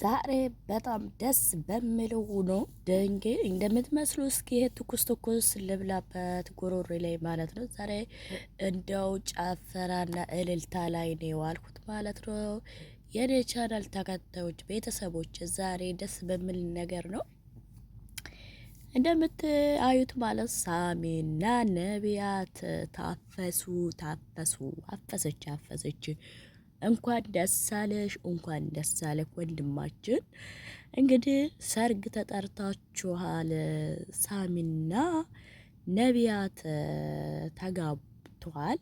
ዛሬ በጣም ደስ በሚል ሆኖ ደንጌ እንደምትመስሉ እስኪ ትኩስ ትኩስ ልብላበት ጉሮሮ ላይ ማለት ነው። ዛሬ እንደው ጨፈራና እልልታ ላይ ነው የዋልኩት ማለት ነው። የኔ ቻናል ተከታዮች ቤተሰቦች ዛሬ ደስ በሚል ነገር ነው እንደምትአዩት ማለት ሳሚና ነቢያት ታፈሱ ታፈሱ አፈሰች አፈሰች እንኳን ደስ አለሽ፣ እንኳን ደስ አለህ ወንድማችን። እንግዲህ ሰርግ ተጠርታችኋል። ሳሚና ነቢያት ተጋብተዋል።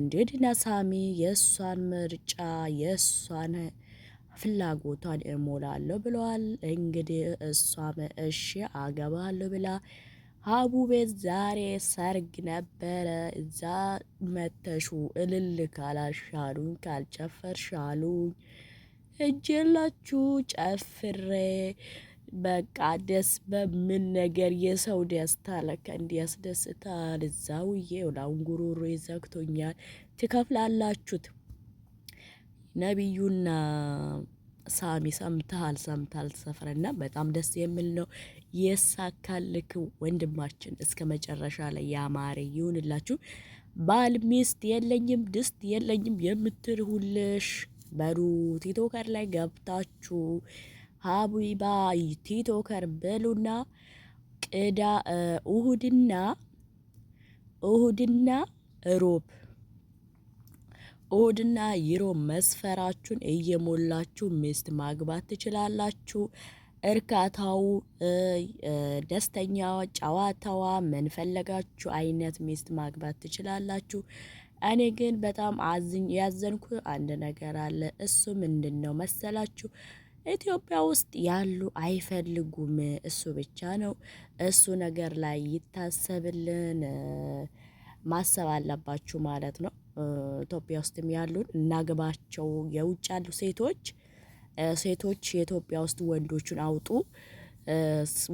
እንዴድና ሳሚ የእሷን ምርጫ የእሷን ፍላጎቷን እሞላለሁ ብለዋል። እንግዲህ እሷም እሺ አገባለሁ ብላ ሀቡ ቤት ዛሬ ሰርግ ነበረ። እዛ መተሹ እልል ካላሻሉኝ ካልጨፈርሻሉኝ እጄላችሁ ጨፍሬ በቃ ደስ በምን ነገር የሰው ደስታ ለካ እንዲያስደስታል። እዛ ውዬ ውላውን ጉሮሮ ይዘግቶኛል። ትከፍላላችሁት ነቢዩና ሳሚ ሰምተሃል ሰምተሃል ሰፈረና በጣም ደስ የሚል ነው። የሳካልክ ወንድማችን እስከ መጨረሻ ላይ ያማረ ይሁንላችሁ። ባል ሚስት የለኝም ድስት የለኝም የምትል ሁልሽ በሩ ቲቶከር ላይ ገብታችሁ ሀቢባ ቲቶከር በሉና ቅዳ እሁድና እሁድና ሮብ ኦድና ይሮ መስፈራችሁን እየሞላችሁ ሚስት ማግባት ትችላላችሁ። እርካታው፣ ደስተኛዋ፣ ጨዋታዋ ምንፈለጋችሁ አይነት ሚስት ማግባት ትችላላችሁ። እኔ ግን በጣም ያዘንኩ አንድ ነገር አለ። እሱ ምንድን ነው መሰላችሁ? ኢትዮጵያ ውስጥ ያሉ አይፈልጉም። እሱ ብቻ ነው። እሱ ነገር ላይ ይታሰብልን፣ ማሰብ አለባችሁ ማለት ነው። ኢትዮጵያ ውስጥም ያሉን እናግባቸው። የውጭ ያሉ ሴቶች ሴቶች የኢትዮጵያ ውስጥ ወንዶቹን አውጡ፣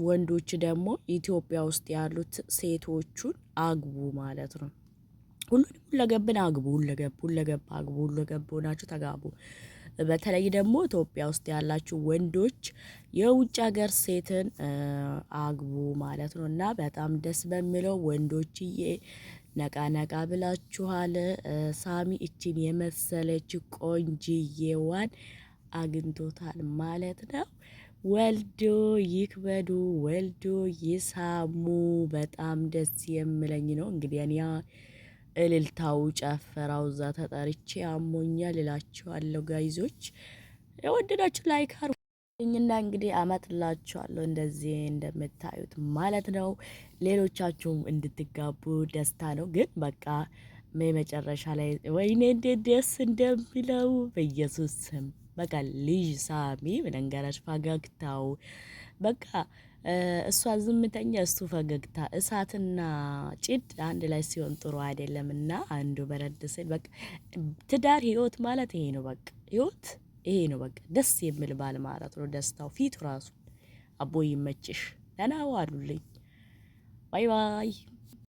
ወንዶች ደግሞ ኢትዮጵያ ውስጥ ያሉት ሴቶቹን አግቡ ማለት ነው። ሁሉን ሁለገብን አግቡ፣ ሁለገብ ሁለገብ አግቡ፣ ሁለገብ ሆናችሁ ተጋቡ። በተለይ ደግሞ ኢትዮጵያ ውስጥ ያላችሁ ወንዶች የውጭ ሀገር ሴትን አግቡ ማለት ነው እና በጣም ደስ በሚለው ወንዶችዬ ነቃ ነቃ ብላችኋል። ሳሚ እችን የመሰለች ቆንጅዬዋን አግኝቶታል ማለት ነው። ወልዶ ይክበዱ፣ ወልዶ ይሳሙ። በጣም ደስ የምለኝ ነው እንግዲህ እኔ እልልታው ጨፈራው እዛ ተጠርቼ አሞኛ ልላችኋለሁ። ጋይዞች የወደዳችሁ ላይክ እኝና እንግዲህ አመጥላችኋለሁ እንደዚህ እንደምታዩት ማለት ነው። ሌሎቻችሁም እንድትጋቡ ደስታ ነው። ግን በቃ መጨረሻ ላይ ወይኔ እንዴት ደስ እንደሚለው በኢየሱስ ስም በቃ ልጅ ሳሚ በነገራሽ ፈገግታው በቃ እሷ ዝምተኛ እሱ ፈገግታ እሳትና ጭድ አንድ ላይ ሲሆን ጥሩ አይደለም። እና አንዱ በረድ ሲል በቃ ትዳር ህይወት ማለት ይሄ ነው። በቃ ህይወት ይሄ ነው በቃ ደስ የሚል ባል ማለት ነው። ደስታው ፊቱ ራሱ አቦ ይመችሽ። ደህና ዋሉልኝ። ባይ ባይ